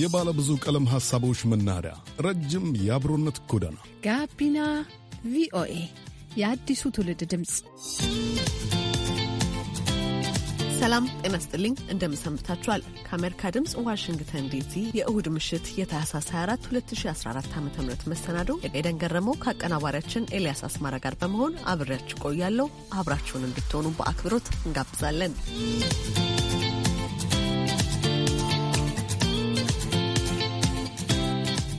የባለ ብዙ ቀለም ሐሳቦች መናኸሪያ፣ ረጅም የአብሮነት ጎዳና ጋቢና ቪኦኤ የአዲሱ ትውልድ ድምፅ። ሰላም ጤና ስጥልኝ፣ እንደምሰንብታችኋል። ከአሜሪካ ድምፅ ዋሽንግተን ዲሲ የእሁድ ምሽት የታህሳስ 24 2014 ዓ ም መሰናዶ ኤደን ገረመው ከአቀናባሪያችን ኤልያስ አስማራ ጋር በመሆን አብሬያችሁ ቆያለሁ። አብራችሁን እንድትሆኑ በአክብሮት እንጋብዛለን።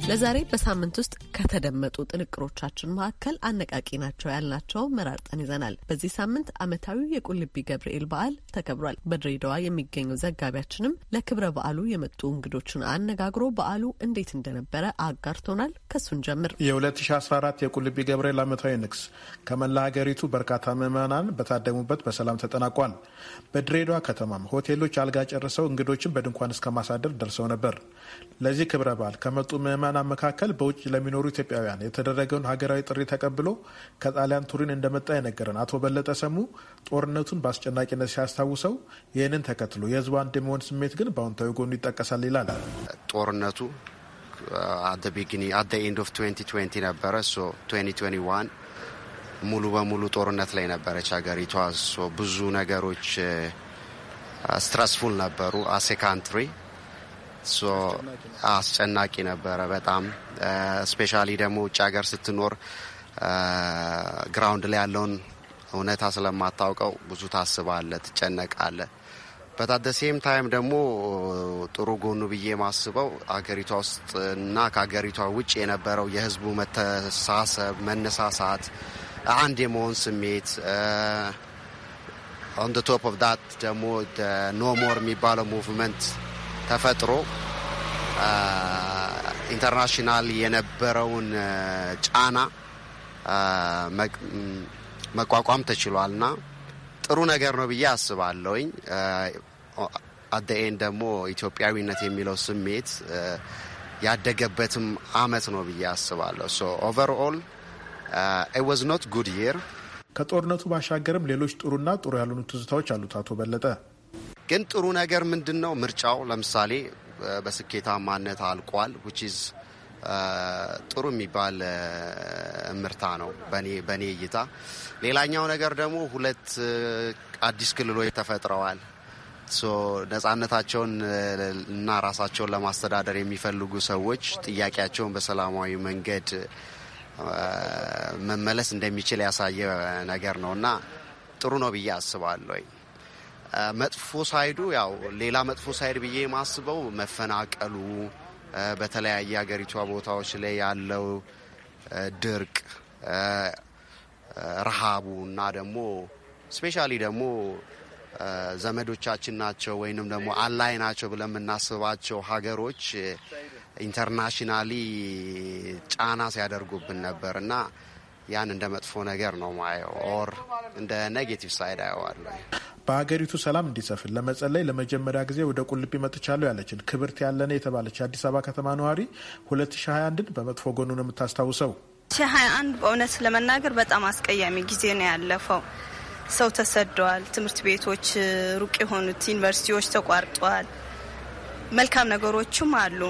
ለዛሬ በሳምንት ውስጥ ከተደመጡ ጥንቅሮቻችን መካከል አነቃቂ ናቸው ያልናቸው መራርጠን ይዘናል። በዚህ ሳምንት ዓመታዊ የቁልቢ ገብርኤል በዓል ተከብሯል። በድሬዳዋ የሚገኘው ዘጋቢያችንም ለክብረ በዓሉ የመጡ እንግዶችን አነጋግሮ በዓሉ እንዴት እንደነበረ አጋርቶናል። ከሱን ጀምር የ2014 የቁልቢ ገብርኤል ዓመታዊ ንግስ ከመላ ሀገሪቱ በርካታ ምዕመናን በታደሙበት በሰላም ተጠናቋል። በድሬዳዋ ከተማም ሆቴሎች አልጋ ጨርሰው እንግዶችን በድንኳን እስከ ማሳደር ደርሰው ነበር። ለዚህ ክብረ በዓል ከመጡ ምዕመናን ምሁራን መካከል በውጭ ለሚኖሩ ኢትዮጵያውያን የተደረገውን ሀገራዊ ጥሪ ተቀብሎ ከጣሊያን ቱሪን እንደመጣ የነገረን አቶ በለጠ ሰሙ ጦርነቱን በአስጨናቂነት ሲያስታውሰው ይህንን ተከትሎ የህዝቡ አንድ የመሆን ስሜት ግን በአዎንታዊ ጎኑ ይጠቀሳል ይላል። ጦርነቱ አደ ኤንድ ኦፍ 2020 ነበረ። ሶ 2021 ሙሉ በሙሉ ጦርነት ላይ ነበረች ሀገሪቷ። ብዙ ነገሮች ስትረስፉል uh, ነበሩ አሴ ካንትሪ ሶ አስጨናቂ ነበረ በጣም ስፔሻሊ ደግሞ ውጭ ሀገር ስትኖር ግራውንድ ላይ ያለውን እውነታ ስለማታውቀው ብዙ ታስባለ፣ ትጨነቃለ። በታደሴም ታይም ደግሞ ጥሩ ጎኑ ብዬ ማስበው አገሪቷ ውስጥ እና ከአገሪቷ ውጭ የነበረው የህዝቡ መተሳሰብ፣ መነሳሳት፣ አንድ የመሆን ስሜት ኦን ቶፕ ኦፍ ዳት ደግሞ ኖ ሞር የሚባለው ሙቭመንት ተፈጥሮ ኢንተርናሽናል የነበረውን ጫና መቋቋም ተችሏልና ጥሩ ነገር ነው ብዬ አስባለሁኝ። አደኤን ደግሞ ኢትዮጵያዊነት የሚለው ስሜት ያደገበትም አመት ነው ብዬ አስባለሁ። ሶ ኦቨርኦል ዋዝ ኖት ጉድ ይር። ከጦርነቱ ባሻገርም ሌሎች ጥሩና ጥሩ ያልሆኑ ትዝታዎች አሉት አቶ በለጠ ግን ጥሩ ነገር ምንድን ነው? ምርጫው ለምሳሌ በስኬታማነት አልቋል። ዊችዝ ጥሩ የሚባል እምርታ ነው በእኔ እይታ። ሌላኛው ነገር ደግሞ ሁለት አዲስ ክልሎች ተፈጥረዋል። ነጻነታቸውን እና ራሳቸውን ለማስተዳደር የሚፈልጉ ሰዎች ጥያቄያቸውን በሰላማዊ መንገድ መመለስ እንደሚችል ያሳየ ነገር ነው እና ጥሩ ነው ብዬ አስባለሁ። መጥፎ ሳይዱ ያው ሌላ መጥፎ ሳይድ ብዬ የማስበው መፈናቀሉ፣ በተለያየ ሀገሪቷ ቦታዎች ላይ ያለው ድርቅ፣ ረሃቡ እና ደግሞ ስፔሻሊ ደግሞ ዘመዶቻችን ናቸው ወይንም ደግሞ አላይ ናቸው ብለን የምናስባቸው ሀገሮች ኢንተርናሽናሊ ጫና ሲያደርጉብን ነበር እና ያን እንደ መጥፎ ነገር ነው ማየው ኦር እንደ ኔጌቲቭ ሳይድ አየዋለሁ። በሀገሪቱ ሰላም እንዲሰፍን ለመጸለይ ለመጀመሪያ ጊዜ ወደ ቁልቢ መጥቻለሁ ያለችን ክብርት ያለነ የተባለች የአዲስ አበባ ከተማ ነዋሪ 2021ን በመጥፎ ጎኑ ነው የምታስታውሰው። 2021 በእውነት ለመናገር በጣም አስቀያሚ ጊዜ ነው ያለፈው። ሰው ተሰደዋል። ትምህርት ቤቶች ሩቅ የሆኑት ዩኒቨርሲቲዎች ተቋርጠዋል። መልካም ነገሮችም አሉ።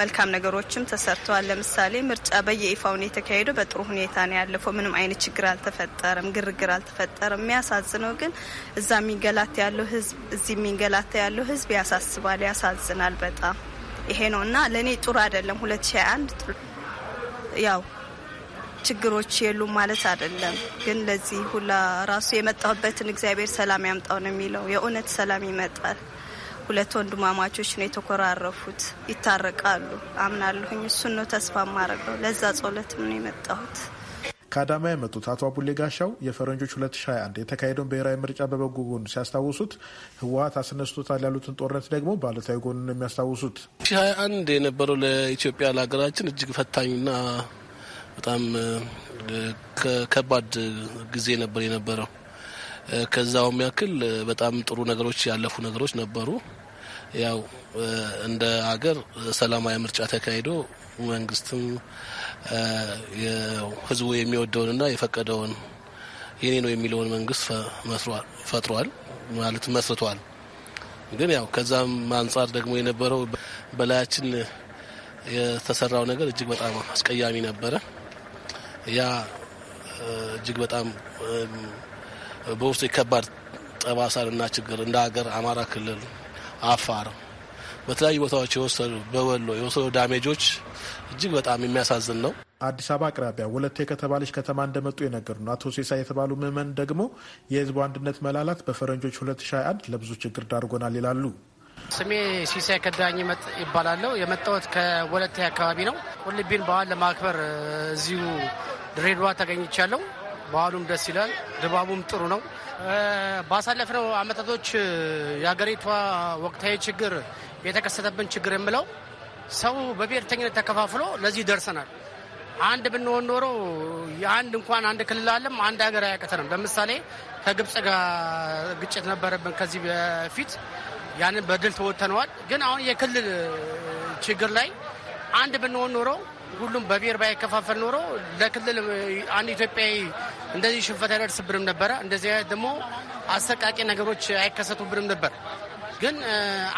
መልካም ነገሮችም ተሰርተዋል። ለምሳሌ ምርጫ በየይፋውን የተካሄደው በጥሩ ሁኔታ ነው ያለፈው። ምንም አይነት ችግር አልተፈጠረም፣ ግርግር አልተፈጠረም። የሚያሳዝነው ግን እዛ የሚንገላታ ያለው ህዝብ፣ እዚህ የሚንገላት ያለው ህዝብ ያሳስባል፣ ያሳዝናል። በጣም ይሄ ነው እና ለእኔ ጥሩ አይደለም። ሁለት ሺ አንድ ያው ችግሮች የሉም ማለት አይደለም፣ ግን ለዚህ ሁላ ራሱ የመጣሁበትን እግዚአብሔር ሰላም ያምጣው ነው የሚለው። የእውነት ሰላም ይመጣል። ሁለት ወንድማማቾች ነው የተኮራረፉት። ይታረቃሉ አምናለሁኝ። እሱን ነው ተስፋ ማረገው። ለዛ ጸሎትም ነው የመጣሁት። ከአዳማ የመጡት አቶ አቡሌ ጋሻው የፈረንጆች 2021 የተካሄደውን ብሔራዊ ምርጫ በበጎ ጎኑ ሲያስታውሱት ህወሀት አስነስቶታል ያሉትን ጦርነት ደግሞ ባለታዊ ጎኑ ነው የሚያስታውሱት። 2021 የነበረው ለኢትዮጵያ ለሀገራችን እጅግ ፈታኝና በጣም ከባድ ጊዜ ነበር የነበረው ከዛውም ያክል በጣም ጥሩ ነገሮች ያለፉ ነገሮች ነበሩ። ያው እንደ ሀገር ሰላማዊ ምርጫ ተካሂዶ መንግስትም ህዝቡ የሚወደውንና የፈቀደውን የኔ ነው የሚለውን መንግስት ፈጥሯል ማለት መስርቷል። ግን ያው ከዛም አንጻር ደግሞ የነበረው በላያችን የተሰራው ነገር እጅግ በጣም አስቀያሚ ነበረ። ያ እጅግ በጣም በውስጡ የከባድ ጠባሳና ችግር እንደ ሀገር አማራ ክልል፣ አፋር በተለያዩ ቦታዎች የወሰዱ በወሎ የወሰዱ ዳሜጆች እጅግ በጣም የሚያሳዝን ነው። አዲስ አበባ አቅራቢያ ወለቴ ከተባለች ከተማ እንደመጡ የነገሩን አቶ ሴሳ የተባሉ ምዕመን ደግሞ የህዝቡ አንድነት መላላት በፈረንጆች 2021 ለብዙ ችግር ዳርጎናል ይላሉ። ስሜ ሲሳይ ከዳኝ ይባላለሁ። የመጣሁት ከወለቴ አካባቢ ነው። ቁልቢን በዓል ለማክበር እዚሁ ድሬዳዋ ተገኝቻለሁ። በዓሉም ደስ ይላል፣ ድባቡም ጥሩ ነው። ባሳለፍነው አመታቶች የሀገሪቷ ወቅታዊ ችግር የተከሰተብን ችግር የምለው ሰው በብሔርተኝነት ተከፋፍሎ ለዚህ ደርሰናል። አንድ ብንሆን ኖሮ የአንድ እንኳን አንድ ክልል አለም አንድ ሀገር አያቀተንም። ለምሳሌ ከግብፅ ጋር ግጭት ነበረብን ከዚህ በፊት ያንን በድል ተወጥተነዋል። ግን አሁን የክልል ችግር ላይ አንድ ብንሆን ኖረው ሁሉም በብሔር ባይከፋፈል ኖሮ ለክልል አንድ ኢትዮጵያዊ እንደዚህ ሽንፈት አይደርስብንም ነበረ። እንደዚህ ደግሞ አሰቃቂ ነገሮች አይከሰቱብንም ነበር። ግን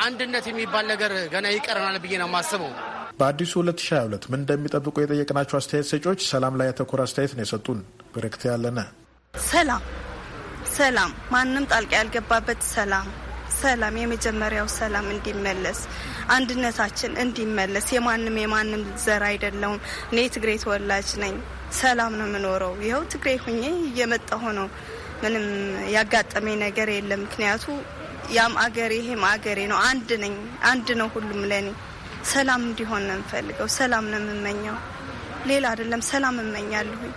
አንድነት የሚባል ነገር ገና ይቀረናል ብዬ ነው የማስበው። በአዲሱ 2022 ምን እንደሚጠብቁ የጠየቅናቸው አስተያየት ሰጪዎች ሰላም ላይ ያተኮረ አስተያየት ነው የሰጡን። ብርክት ያለነ ሰላም ሰላም፣ ማንም ጣልቃ ያልገባበት ሰላም ሰላም የመጀመሪያው ሰላም እንዲመለስ፣ አንድነታችን እንዲመለስ፣ የማንም የማንም ዘር አይደለውም። እኔ ትግሬ ተወላጅ ነኝ። ሰላም ነው የምኖረው። ይኸው ትግሬ ሁኜ እየመጣሁ ነው። ምንም ያጋጠመኝ ነገር የለም። ምክንያቱ ያም አገሬ ይሄም አገሬ ነው። አንድ ነኝ። አንድ ነው ሁሉም ለኔ። ሰላም እንዲሆን ነው የምፈልገው። ሰላም ነው የምመኘው። ሌላ አይደለም። ሰላም እመኛለሁኝ።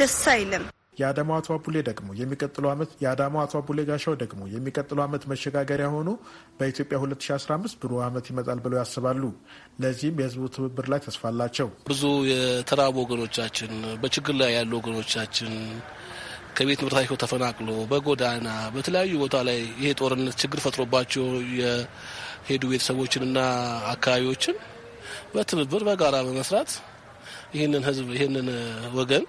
ደስ አይልም። የአዳማው አቶ አቡሌ ደግሞ የሚቀጥለው ዓመት የአዳማው አቶ አቡሌ ጋሻው ደግሞ የሚቀጥለው ዓመት መሸጋገሪያ ሆኖ በኢትዮጵያ 2015 ብሩህ ዓመት ይመጣል ብለው ያስባሉ። ለዚህም የህዝቡ ትብብር ላይ ተስፋ አላቸው። ብዙ የተራቡ ወገኖቻችን፣ በችግር ላይ ያሉ ወገኖቻችን ከቤት ንብረታቸው ተፈናቅሎ በጎዳና በተለያዩ ቦታ ላይ ይሄ ጦርነት ችግር ፈጥሮባቸው የሄዱ ቤተሰቦችንና አካባቢዎችን በትብብር በጋራ በመስራት ይህንን ህዝብ ይህንን ወገን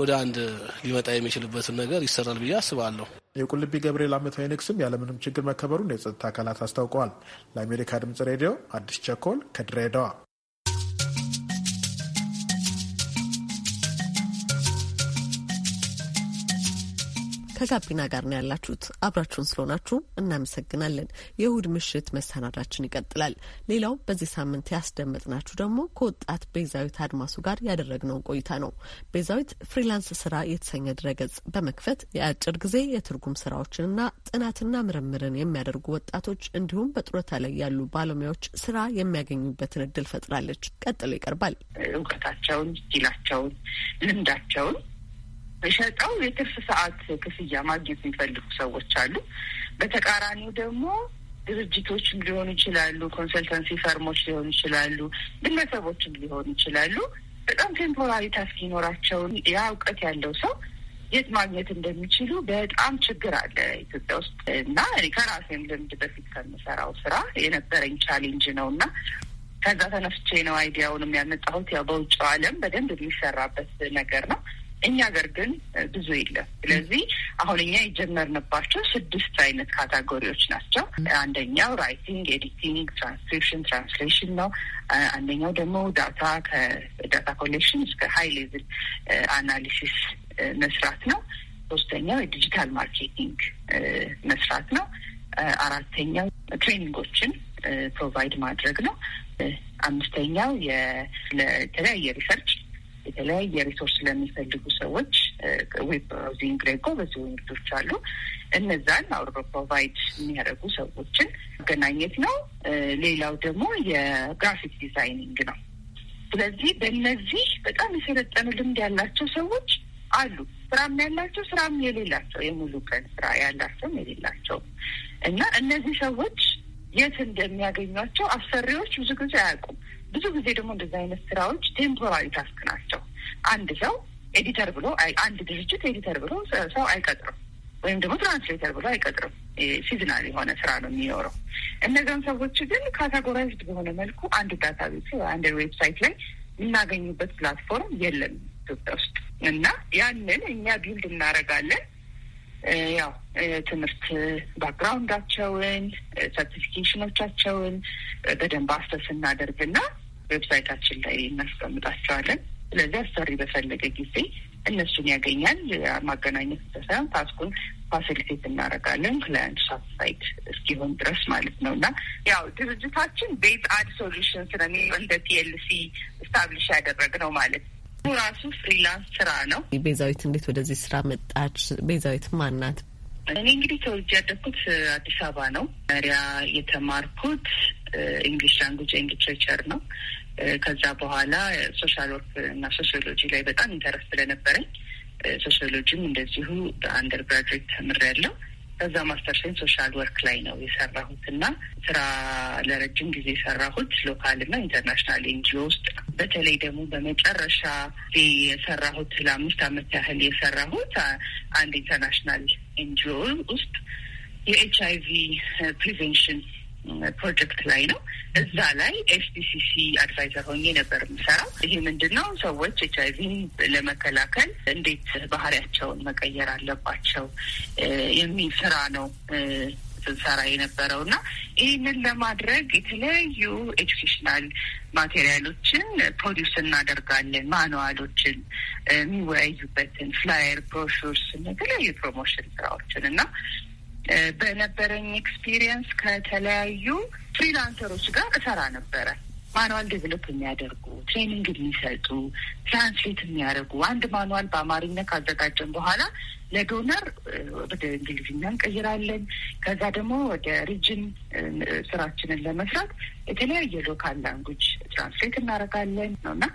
ወደ አንድ ሊመጣ የሚችልበትን ነገር ይሰራል ብዬ አስባለሁ። የቁልቢ ገብርኤል ዓመታዊ ንግስም ያለምንም ችግር መከበሩን የጸጥታ አካላት አስታውቀዋል። ለአሜሪካ ድምጽ ሬዲዮ አዲስ ቸኮል ከድሬዳዋ ከጋቢና ጋር ነው ያላችሁት። አብራችሁን ስለሆናችሁ እናመሰግናለን። የእሁድ ምሽት መሰናዳችን ይቀጥላል። ሌላው በዚህ ሳምንት ያስደመጥናችሁ ደግሞ ከወጣት ቤዛዊት አድማሱ ጋር ያደረግነውን ቆይታ ነው። ቤዛዊት ፍሪላንስ ስራ የተሰኘ ድረገጽ በመክፈት የአጭር ጊዜ የትርጉም ስራዎችንና ጥናትና ምርምርን የሚያደርጉ ወጣቶች እንዲሁም በጡረታ ላይ ያሉ ባለሙያዎች ስራ የሚያገኙበትን እድል ፈጥራለች። ቀጥሎ ይቀርባል። እውቀታቸውን፣ ስኪላቸውን፣ ልምዳቸውን ሸጠው የትርፍ ሰዓት ክፍያ ማግኘት የሚፈልጉ ሰዎች አሉ። በተቃራኒው ደግሞ ድርጅቶች ሊሆኑ ይችላሉ፣ ኮንሰልታንሲ ፈርሞች ሊሆኑ ይችላሉ፣ ግለሰቦችም ሊሆኑ ይችላሉ። በጣም ቴምፖራሪ ታስክ ይኖራቸውን ያ እውቀት ያለው ሰው የት ማግኘት እንደሚችሉ በጣም ችግር አለ ኢትዮጵያ ውስጥ እና ከራሴም ልምድ በፊት ከምሰራው ስራ የነበረኝ ቻሌንጅ ነው እና ከዛ ተነስቼ ነው አይዲያውንም ያመጣሁት። ያው በውጭው ዓለም በደንብ የሚሰራበት ነገር ነው። እኛ ገር ግን ብዙ የለም። ስለዚህ አሁን እኛ የጀመርንባቸው ስድስት አይነት ካታጎሪዎች ናቸው። አንደኛው ራይቲንግ፣ ኤዲቲንግ፣ ትራንስክሪፕሽን ትራንስሌሽን ነው። አንደኛው ደግሞ ዳታ ከዳታ ኮሌክሽን እስከ ሀይ ሌቭል አናሊሲስ መስራት ነው። ሶስተኛው የዲጂታል ማርኬቲንግ መስራት ነው። አራተኛው ትሬኒንጎችን ፕሮቫይድ ማድረግ ነው። አምስተኛው የተለያየ ሪሰርች የተለያየ ሪሶርስ ለሚፈልጉ ሰዎች ዌብ ብራውዚንግ ላይ ጎበዝ ንግዶች አሉ። እነዛን አውሮ ፕሮቫይድ የሚያደርጉ ሰዎችን ማገናኘት ነው። ሌላው ደግሞ የግራፊክ ዲዛይኒንግ ነው። ስለዚህ በእነዚህ በጣም የሰለጠኑ ልምድ ያላቸው ሰዎች አሉ። ስራም ያላቸው ስራም የሌላቸው የሙሉ ቀን ስራ ያላቸውም የሌላቸው እና እነዚህ ሰዎች የት እንደሚያገኟቸው አሰሪዎች ብዙ ጊዜ አያውቁም። ብዙ ጊዜ ደግሞ እንደዚህ አይነት ስራዎች ቴምፖራሪ ታስክ ናቸው። አንድ ሰው ኤዲተር ብሎ አንድ ድርጅት ኤዲተር ብሎ ሰው አይቀጥርም፣ ወይም ደግሞ ትራንስሌተር ብሎ አይቀጥርም። ሲዝናል የሆነ ስራ ነው የሚኖረው። እነዛን ሰዎች ግን ካታጎራይዝድ በሆነ መልኩ አንድ ዳታ ቤት አንድ ዌብሳይት ላይ የምናገኙበት ፕላትፎርም የለም ኢትዮጵያ ውስጥ እና ያንን እኛ ቢልድ እናደርጋለን። ያው ትምህርት ባክግራውንዳቸውን፣ ሰርቲፊኬሽኖቻቸውን በደንብ አስተስ እናደርግና ዌብሳይታችን ላይ እናስቀምጣቸዋለን። ስለዚህ አሰሪ በፈለገ ጊዜ እነሱን ያገኛል። ማገናኘት ብቻ ሳይሆን ታስኩን ፋሲሊቴት እናደርጋለን ክላያንት ሳትሳይድ እስኪሆን ድረስ ማለት ነው። እና ያው ድርጅታችን ቤት አድ ሶሉሽን ስለሚ እንደ ቲኤልሲ ስታብሊሽ ያደረግ ነው ማለት ነው። ራሱ ፍሪላንስ ስራ ነው። ቤዛዊት እንዴት ወደዚህ ስራ መጣች? ቤዛዊት ማናት? እኔ እንግዲህ ተወልጄ ያደግኩት አዲስ አበባ ነው። መሪያ የተማርኩት እንግሊሽ ላንጉጅ ኤንድ ሊትሬቸር ነው ከዛ በኋላ ሶሻል ወርክ እና ሶሲዮሎጂ ላይ በጣም ኢንተረስት ስለነበረኝ ሶሲዮሎጂም እንደዚሁ በአንደር ግራጅዌት ተምሬያለሁ። ከዛ ማስተር ማስተርሴን ሶሻል ወርክ ላይ ነው የሰራሁት እና ስራ ለረጅም ጊዜ የሰራሁት ሎካል እና ኢንተርናሽናል ኤንጂኦ ውስጥ በተለይ ደግሞ በመጨረሻ የሰራሁት ለአምስት አመት ያህል የሰራሁት አንድ ኢንተርናሽናል ኤንጂኦ ውስጥ የኤች አይ ቪ ፕሪቬንሽን ፕሮጀክት ላይ ነው። እዛ ላይ ኤስፒሲሲ አድቫይዘር ሆኜ ነበር የምሰራው። ይሄ ምንድን ነው ሰዎች ኤች አይቪ ለመከላከል እንዴት ባህሪያቸውን መቀየር አለባቸው የሚል ስራ ነው ስንሰራ የነበረው እና ይህንን ለማድረግ የተለያዩ ኤጁኬሽናል ማቴሪያሎችን ፕሮዲውስ እናደርጋለን። ማኑዋሎችን፣ የሚወያዩበትን ፍላየር፣ ብሮሹርስ፣ የተለያዩ ፕሮሞሽን ስራዎችን እና በነበረኝ ኤክስፒሪየንስ ከተለያዩ ፍሪላንሰሮች ጋር እሰራ ነበረ። ማኑዋል ዴቨሎፕ የሚያደርጉ ትሬኒንግ የሚሰጡ ትራንስሌት የሚያደርጉ አንድ ማኑዋል በአማርኛ ካዘጋጀን በኋላ ለዶነር ወደ እንግሊዝኛ እንቀይራለን። ከዛ ደግሞ ወደ ሪጅን ስራችንን ለመስራት የተለያየ ሎካል ላንጉጅ ትራንስሌት እናደርጋለን ነው እና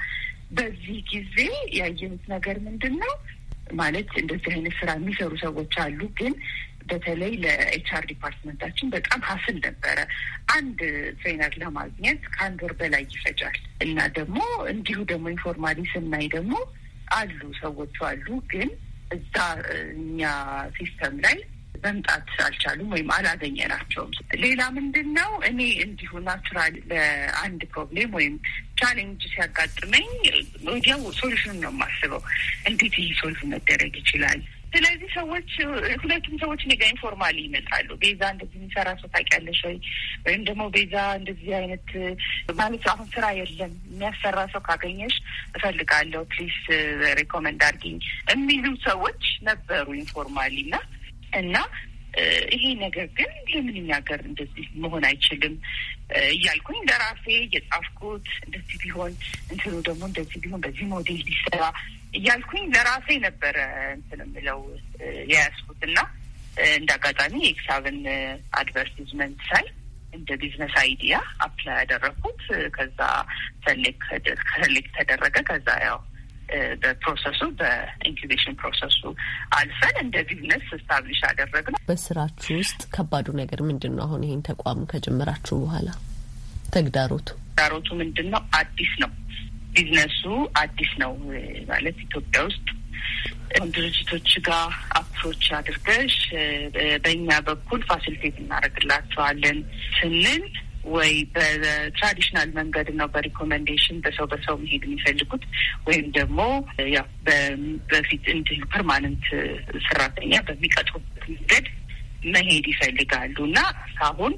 በዚህ ጊዜ ያየሁት ነገር ምንድን ነው ማለት እንደዚህ አይነት ስራ የሚሰሩ ሰዎች አሉ፣ ግን በተለይ ለኤችአር ዲፓርትመንታችን በጣም ሀስል ነበረ። አንድ ትሬነር ለማግኘት ከአንድ ወር በላይ ይፈጃል እና ደግሞ እንዲሁ ደግሞ ኢንፎርማሊ ስናይ ደግሞ አሉ ሰዎቹ አሉ፣ ግን እዛ እኛ ሲስተም ላይ መምጣት አልቻሉም ወይም አላገኘናቸውም። ሌላ ምንድን ነው እኔ እንዲሁ ናቹራል ለአንድ ፕሮብሌም ወይም ቻሌንጅ ሲያጋጥመኝ ወዲያው ሶሉሽን ነው የማስበው። እንዴት ይህ ሶልቭ መደረግ ይችላል ስለዚህ ሰዎች ሁለቱም ሰዎች እኔ ጋ ኢንፎርማሊ ይመጣሉ። ቤዛ እንደዚህ የሚሰራ ሰው ታውቂያለሽ ወይ? ወይም ደግሞ ቤዛ እንደዚህ አይነት ማለት አሁን ስራ የለም የሚያሰራ ሰው ካገኘሽ እፈልጋለሁ ፕሊስ ሪኮመንድ uh, አድርጊኝ የሚሉ ሰዎች ነበሩ ኢንፎርማሊ እና እና uh, ይሄ ነገር ግን ለምን እኛ ሀገር እንደዚህ መሆን አይችልም uh, እያልኩኝ ለራሴ እየጻፍኩት እንደዚህ ቢሆን እንትኑ ደግሞ እንደዚህ ቢሆን በዚህ ሞዴል ሊሰራ እያልኩኝ ለራሴ ነበረ እንትን የምለው የያዝኩት እና እንደ አጋጣሚ የሂሳብን አድቨርቲዝመንት ሳይ እንደ ቢዝነስ አይዲያ አፕላይ ያደረግኩት ከዛ ሰሌክት ተደረገ። ከዛ ያው በፕሮሰሱ በኢንኩቤሽን ፕሮሰሱ አልፈን እንደ ቢዝነስ ስታብሊሽ አደረግነው። በስራችሁ ውስጥ ከባዱ ነገር ምንድን ነው? አሁን ይህን ተቋም ከጀመራችሁ በኋላ ተግዳሮቱ ተግዳሮቱ ምንድን ነው? አዲስ ነው ቢዝነሱ አዲስ ነው ማለት ኢትዮጵያ ውስጥ ድርጅቶች ጋር አፕሮች አድርገሽ በእኛ በኩል ፋሲሊቴት እናደርግላቸዋለን ስንል ወይ በትራዲሽናል መንገድ ነው በሪኮመንዴሽን በሰው በሰው መሄድ የሚፈልጉት ወይም ደግሞ ያው በፊት እንዲሁ ፐርማነንት ሰራተኛ በሚቀጥሩበት መንገድ መሄድ ይፈልጋሉ እና አሁን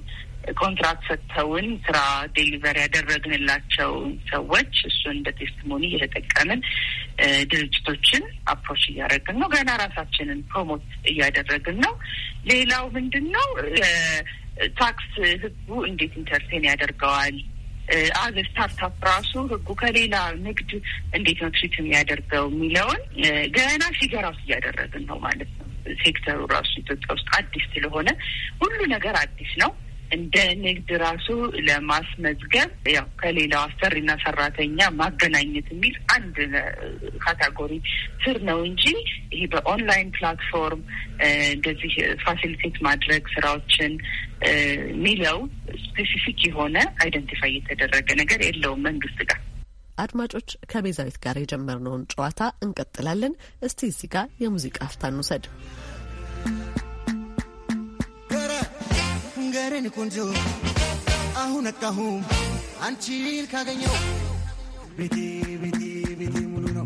ኮንትራክት ሰጥተውን ስራ ዴሊቨር ያደረግንላቸው ሰዎች እሱን ቴስቲሞኒ እየተጠቀምን ድርጅቶችን አፕሮች እያደረግን ነው። ገና ራሳችንን ፕሮሞት እያደረግን ነው። ሌላው ምንድን ነው ታክስ ህጉ እንዴት ኢንተርቴን ያደርገዋል? አዘ ስታርታፕ ራሱ ህጉ ከሌላ ንግድ እንዴት ነው ትሪት የሚያደርገው የሚለውን ገና ፊገር እያደረግን ነው ማለት ነው። ሴክተሩ ራሱ ኢትዮጵያ ውስጥ አዲስ ስለሆነ ሁሉ ነገር አዲስ ነው። እንደ ንግድ ራሱ ለማስመዝገብ ያው ከሌላው አሰሪና ሰራተኛ ማገናኘት የሚል አንድ ካታጎሪ ስር ነው እንጂ ይሄ በኦንላይን ፕላትፎርም እንደዚህ ፋሲሊቴት ማድረግ ስራዎችን የሚለው ስፔሲፊክ የሆነ አይደንቲፋይ የተደረገ ነገር የለውም መንግስት ጋር። አድማጮች ከቤዛዊት ጋር የጀመርነውን ጨዋታ እንቀጥላለን። እስቲ እዚህ ጋር የሙዚቃ አፍታን ውሰድ። ፍቅርን ቆንጆ አሁን ነቃሁም አንቺን ካገኘው ቤቴ ቤቴ ቤቴ ሙሉ ነው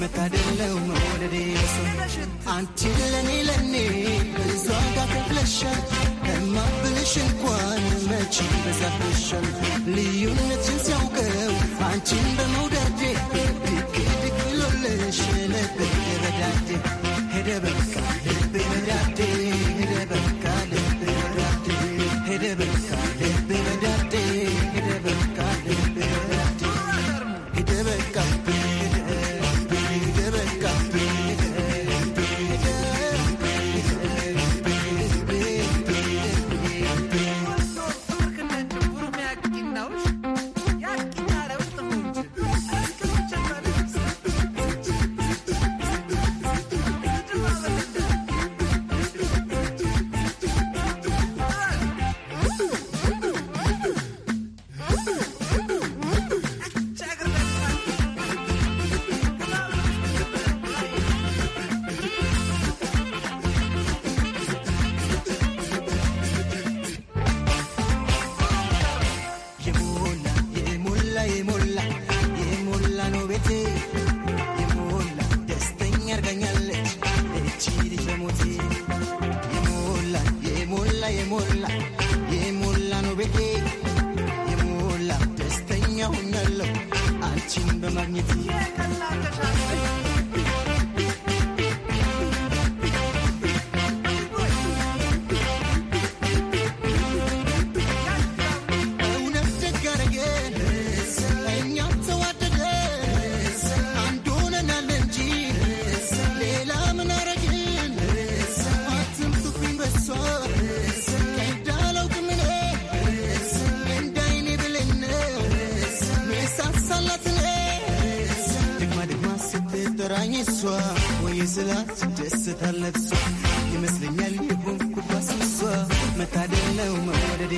መታደለው መወደዴ አንቺን ለኔ ለኔ እሷ ጋር ተክለሻል እማብልሽ እንኳን መች በዛብሻል ልዩነትን ሲያውቀው አንቺን በመውደዴ ድቅድቅ ብሎልሽ ነበር ረዳዴ ስደሰታለሁ ይመስለኛል የሆንኩባት እሷ መታደል ነው መወደዴ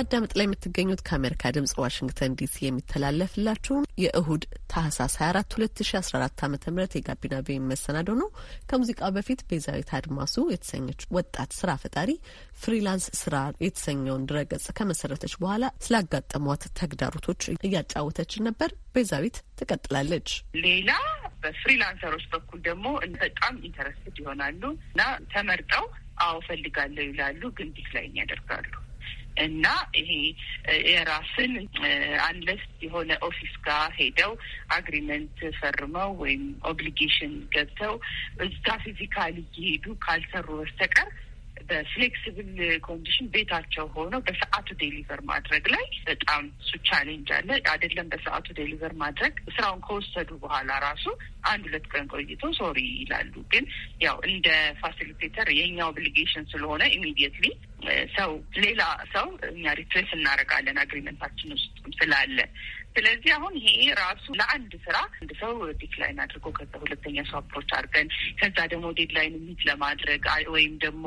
በማዳመጥ ላይ የምትገኙት ከአሜሪካ ድምጽ ዋሽንግተን ዲሲ የሚተላለፍላችሁም የእሁድ ታህሳስ 24 2014 ዓ ም የጋቢና ቤ መሰናዶ ነው። ከሙዚቃው በፊት ቤዛዊት አድማሱ የተሰኘች ወጣት ስራ ፈጣሪ ፍሪላንስ ስራ የተሰኘውን ድረገጽ ከመሰረተች በኋላ ስላጋጠሟት ተግዳሮቶች እያጫወተችን ነበር። ቤዛዊት ትቀጥላለች። ሌላ በፍሪላንሰሮች በኩል ደግሞ በጣም ኢንተረስትድ ይሆናሉ እና ተመርጠው አዎ ፈልጋለሁ ይላሉ፣ ግን ዲክላይን ያደርጋሉ። እና ይሄ የራስን አንለስ የሆነ ኦፊስ ጋር ሄደው አግሪመንት ፈርመው ወይም ኦብሊጌሽን ገብተው እዛ ፊዚካሊ እየሄዱ ካልሰሩ በስተቀር በፍሌክስብል ኮንዲሽን ቤታቸው ሆነው በሰዓቱ ዴሊቨር ማድረግ ላይ በጣም እሱ ቻሌንጅ አለ። አይደለም በሰዓቱ ዴሊቨር ማድረግ ስራውን ከወሰዱ በኋላ ራሱ አንድ ሁለት ቀን ቆይቶ ሶሪ ይላሉ። ግን ያው እንደ ፋሲሊቴተር የኛ ኦብሊጌሽን ስለሆነ ኢሚዲየትሊ ሰው ሌላ ሰው እኛ ሪፕሌስ እናደርጋለን አግሪመንታችን ውስጥ ስላለ። ስለዚህ አሁን ይሄ ራሱ ለአንድ ስራ አንድ ሰው ዲክላይን አድርጎ ከዛ ሁለተኛ ሰው አፕሮች አድርገን ከዛ ደግሞ ዴድላይን ሚት ለማድረግ ወይም ደግሞ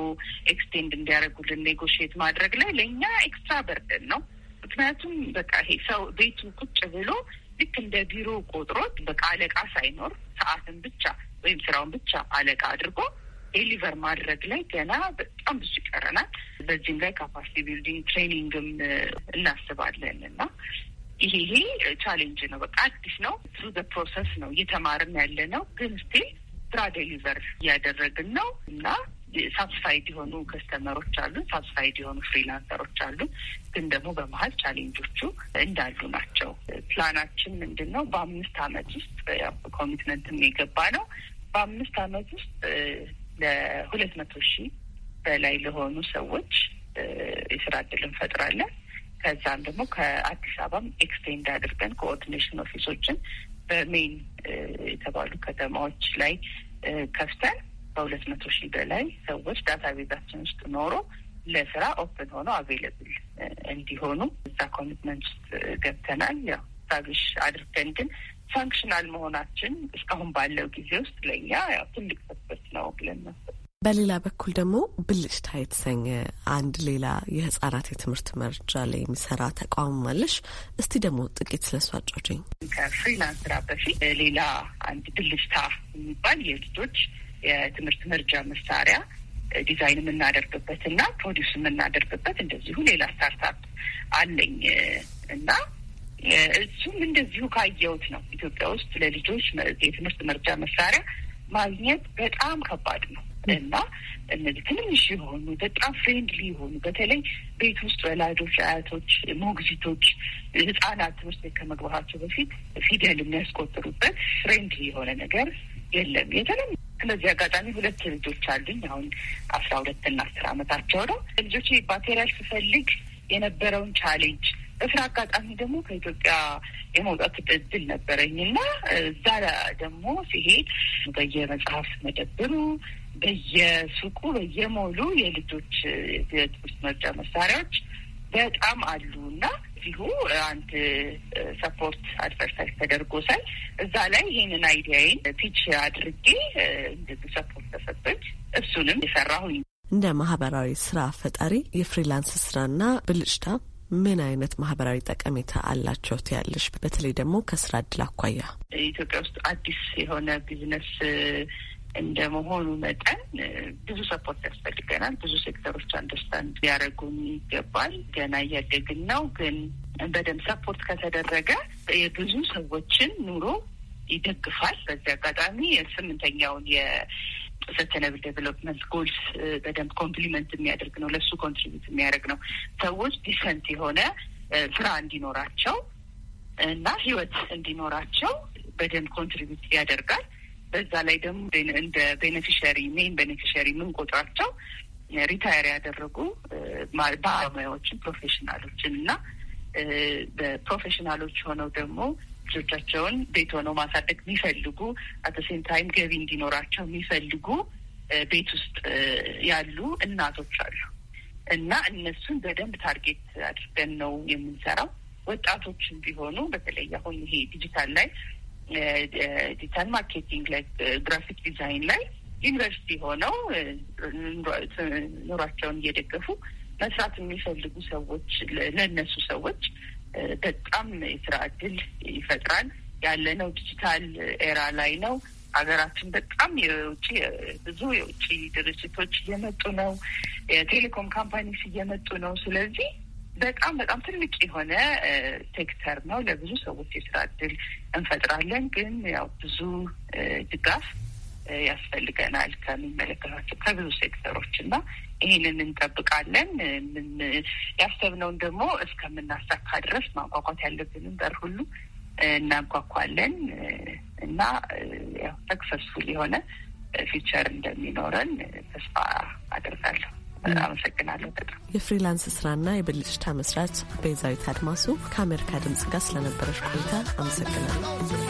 ኤክስቴንድ እንዲያደርጉልን ኔጎሽት ማድረግ ላይ ለእኛ ኤክስትራ በርደን ነው። ምክንያቱም በቃ ይሄ ሰው ቤቱ ቁጭ ብሎ ልክ እንደ ቢሮ ቆጥሮት በቃ አለቃ ሳይኖር ሰዓትን ብቻ ወይም ስራውን ብቻ አለቃ አድርጎ ዴሊቨር ማድረግ ላይ ገና በጣም ብዙ ይቀረናል። በዚህም ላይ ካፓሲቲ ቢልዲንግ ትሬኒንግም እናስባለን እና ይሄ ይሄ ቻሌንጅ ነው። በቃ አዲስ ነው። ትሩ ዘ ፕሮሰስ ነው እየተማርም ያለ ነው። ግን ስቲል ስራ ዴሊቨር እያደረግን ነው እና ሳትስፋይድ የሆኑ ከስተመሮች አሉ፣ ሳትስፋይድ የሆኑ ፍሪላንሰሮች አሉ። ግን ደግሞ በመሀል ቻሌንጆቹ እንዳሉ ናቸው። ፕላናችን ምንድን ነው? በአምስት አመት ውስጥ ኮሚትመንትም የገባ ነው። በአምስት አመት ውስጥ ለሁለት መቶ ሺህ በላይ ለሆኑ ሰዎች የስራ እድል እንፈጥራለን። ከዛም ደግሞ ከአዲስ አበባም ኤክስቴንድ አድርገን ኮኦርዲኔሽን ኦፊሶችን በሜይን የተባሉ ከተማዎች ላይ ከፍተን በሁለት መቶ ሺህ በላይ ሰዎች ዳታ ቤዛችን ውስጥ ኖሮ ለስራ ኦፕን ሆነው አቬይለብል እንዲሆኑ እዛ ኮሚትመንት ውስጥ ገብተናል። ያው ሳቢሽ አድርገን ግን ፋንክሽናል መሆናችን እስካሁን ባለው ጊዜ ውስጥ ለእኛ ያው ትልቅ ስበት ነው ብለን በሌላ በኩል ደግሞ ብልጭታ የተሰኘ አንድ ሌላ የህጻናት የትምህርት መርጃ ላይ የሚሰራ ተቋም አለሽ። እስቲ ደግሞ ጥቂት ስለሱ አጫውችኝ። ከፍሪላንስ ስራ በፊት ሌላ አንድ ብልጭታ የሚባል የልጆች የትምህርት መርጃ መሳሪያ ዲዛይን የምናደርግበት እና ፕሮዲውስ የምናደርግበት እንደዚሁ ሌላ ስታርታፕ አለኝ እና እሱም እንደዚሁ ካየሁት ነው። ኢትዮጵያ ውስጥ ለልጆች የትምህርት መርጃ መሳሪያ ማግኘት በጣም ከባድ ነው እና እነዚህ ትንንሽ የሆኑ በጣም ፍሬንድሊ የሆኑ በተለይ ቤት ውስጥ ወላጆች፣ አያቶች፣ ሞግዚቶች ህጻናት ትምህርት ቤት ከመግባታቸው በፊት ፊደል የሚያስቆጥሩበት ፍሬንድሊ የሆነ ነገር የለም የተለም ስለዚህ አጋጣሚ ሁለት ልጆች አሉኝ። አሁን አስራ ሁለትና አስር አመታቸው ነው። ልጆች ባቴሪያል ስፈልግ የነበረውን ቻሌንጅ በስራ አጋጣሚ ደግሞ ከኢትዮጵያ የመውጣት እድል ነበረኝ እና እዛ ደግሞ ሲሄድ በየመጽሐፍ መደብሩ፣ በየሱቁ፣ በየሞሉ የልጆች የትምህርት መርጃ መሳሪያዎች በጣም አሉ እና እዚሁ አንድ ሰፖርት አድቨርታይዝ ተደርጎ ሳይ እዛ ላይ ይህንን አይዲያይን ፒች አድርጌ እንደዚህ ሰፖርት ተሰጠች። እሱንም የሰራሁኝ እንደ ማህበራዊ ስራ ፈጣሪ የፍሪላንስ ስራና ብልጭታ ምን አይነት ማህበራዊ ጠቀሜታ አላቸው ትያለሽ? በተለይ ደግሞ ከስራ እድል አኳያ ኢትዮጵያ ውስጥ አዲስ የሆነ ቢዝነስ እንደ መሆኑ መጠን ብዙ ሰፖርት ያስፈልገናል። ብዙ ሴክተሮች አንደርስታንድ ሊያደርጉን ይገባል። ገና እያደግን ነው፣ ግን በደንብ ሰፖርት ከተደረገ የብዙ ሰዎችን ኑሮ ይደግፋል። በዚህ አጋጣሚ የስምንተኛውን ሰስተነብል ዴቨሎፕመንት ጎልስ በደንብ ኮምፕሊመንት የሚያደርግ ነው። ለእሱ ኮንትሪቢዩት የሚያደርግ ነው። ሰዎች ዲሰንት የሆነ ስራ እንዲኖራቸው እና ህይወት እንዲኖራቸው በደንብ ኮንትሪቢዩት ያደርጋል። በዛ ላይ ደግሞ እንደ ቤኔፊሻሪ ሜን ቤኔፊሻሪ የምንቆጥራቸው ሪታየር ያደረጉ ባለሙያዎችን፣ ፕሮፌሽናሎችን እና በፕሮፌሽናሎች ሆነው ደግሞ ልጆቻቸውን ቤት ሆነው ማሳደግ የሚፈልጉ አተሴም ታይም ገቢ እንዲኖራቸው የሚፈልጉ ቤት ውስጥ ያሉ እናቶች አሉ እና እነሱን በደንብ ታርጌት አድርገን ነው የምንሰራው። ወጣቶችን ቢሆኑ በተለይ አሁን ይሄ ዲጂታል ላይ ዲጂታል ማርኬቲንግ ላይ ግራፊክ ዲዛይን ላይ ዩኒቨርሲቲ ሆነው ኑሯቸውን እየደገፉ መስራት የሚፈልጉ ሰዎች ለእነሱ ሰዎች በጣም የስራ እድል ይፈጥራል። ያለነው ዲጂታል ኤራ ላይ ነው። ሀገራችን በጣም የውጭ ብዙ የውጭ ድርጅቶች እየመጡ ነው። የቴሌኮም ካምፓኒስ እየመጡ ነው። ስለዚህ በጣም በጣም ትልቅ የሆነ ሴክተር ነው። ለብዙ ሰዎች የስራ እድል እንፈጥራለን። ግን ያው ብዙ ድጋፍ ያስፈልገናል ከሚመለከታቸው ከብዙ ሴክተሮች እና ይህንን እንጠብቃለን። ያሰብነውን ደግሞ እስከምናሳካ ድረስ ማንኳኳት ያለብንን በር ሁሉ እናንኳኳለን እና ያው ሰክሰስፉል የሆነ ፊቸር እንደሚኖረን ተስፋ አደርጋለሁ። አመሰግናለሁ። በጣም የፍሪላንስ ስራና የብልጭታ መስራች ቤዛዊት አድማሱ ከአሜሪካ ድምጽ ጋር ስለነበረች ቆይታ አመሰግናለሁ።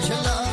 shala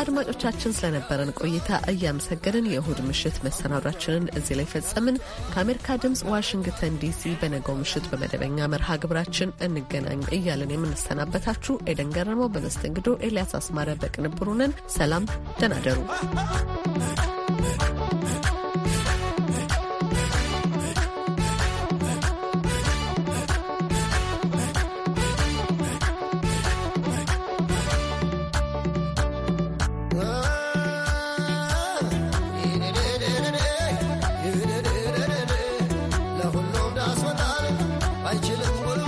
አድማጮቻችን ስለነበረን ቆይታ እያመሰገንን የእሁድ ምሽት መሰናዷችንን እዚህ ላይ ፈጸምን። ከአሜሪካ ድምፅ ዋሽንግተን ዲሲ በነገው ምሽት በመደበኛ መርሃ ግብራችን እንገናኝ እያለን የምንሰናበታችሁ ኤደን ገረመው በመስተንግዶ፣ ኤልያስ አስማረ በቅንብሩ ነን። ሰላም ደናደሩ። Çelik Murat.